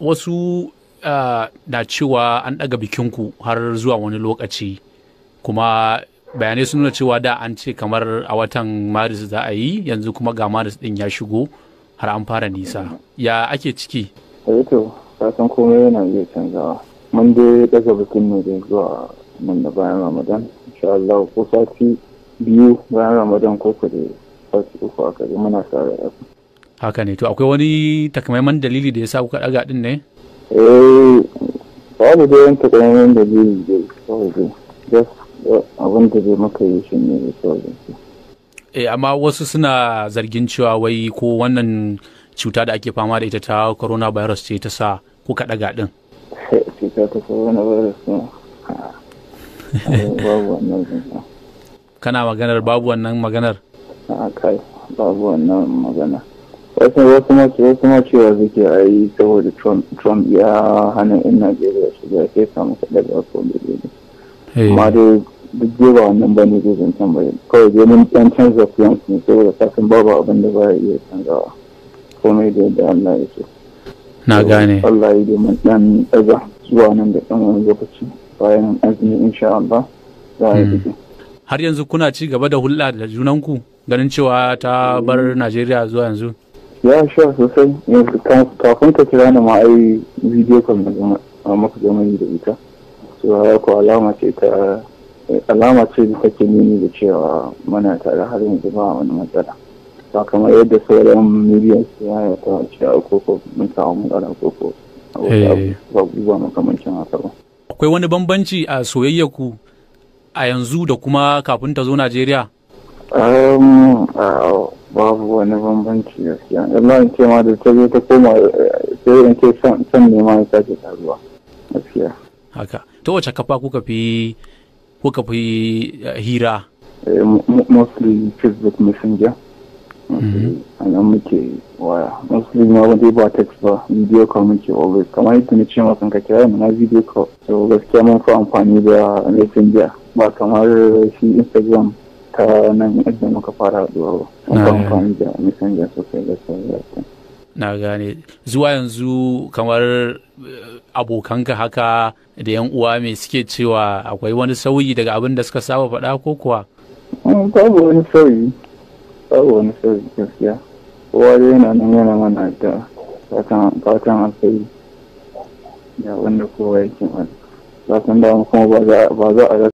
wasu uh, na cewa an ɗaga bikinku har zuwa wani lokaci kuma bayanai sun nuna cewa da an ce kamar a watan maris za a yi yanzu kuma ga maris ɗin ya shigo har an fara nisa ya ake ciki eh to kasan komai yana iya canzawa mun dai ɗaga bikin ne dai zuwa nan da bayan ramadan insha Allah ko sati biyu bayan ramadan ko ku da sati uku aka muna sa haka ne to akwai wani takamaiman dalili da ya sa kuka ɗaga ɗin ne eh babu da yan takamaiman dalili da sa abin da zai maka yi shi ne eh amma wasu suna zargin cewa wai ko wannan cuta da ake fama da ita ta corona virus ce ta sa kuka ɗaga ɗin cuta ta coronavirus ne babu wannan kana maganar babu wannan maganar a ah, kai babu wannan maganar wasu kuma wasu cewa suke a yi saboda trump ya hana yan najeriya shiga ke samu kaɗa da wasu wanda zai ne eh. amma dai duk wannan ba ne zai zancen ba kawai dai mun ɗan canza plans ne saboda kafin babu abin da ba ya iya canzawa komai da yadda allah ya so na gane allah ya yi mun ɗan ɗaga zuwa nan da ɗan wani lokaci bayan azumi insha allah za a yi hmm. har yanzu kuna ci gaba da hulɗa da junanku ganin cewa ta bar najeriya zuwa yanzu ya sha sosai yanzu kafin ka kira ni ma ai kan maka zama da ita so ya ko alama ce ta ce da take nuni da cewa muna tare har yanzu ba wani matsala ba kamar yadda sauran miliyan su ya yi ta cewa koko mun samu matsala koko eh. ba guba makamancin haka ba akwai wani bambanci a soyayya ku a yanzu da kuma kafin ta zo najeriya babu wani bambanci gaskiya Allah in ce ma da ta zo ta koma sai in ce san ne ma ya sake taruwa gaskiya haka ta wace kafa kuka fi kuka fi eh, hira eh, mostly facebook messenger mm-hmm. a nan muke waya mostly ma wanda ba text ba video call muke always kamar yadda na ce masu ka kira mu na video call so gaskiya mun fi amfani da messenger ba kamar shi instagram ta nan yadda muka fara haɗuwa ba amfani da messenger sosai da sauran na gane zuwa yanzu kamar eh, abokanka haka da yan uwa me suke cewa akwai wani sauyi daga abin da suka saba faɗa ko kuwa mm, babu wani sauyi babu wani sauyi gaskiya kowa dai yana nan yana mana da fatan alfai ya wanda kowa yake mana fatan da kuma ba za a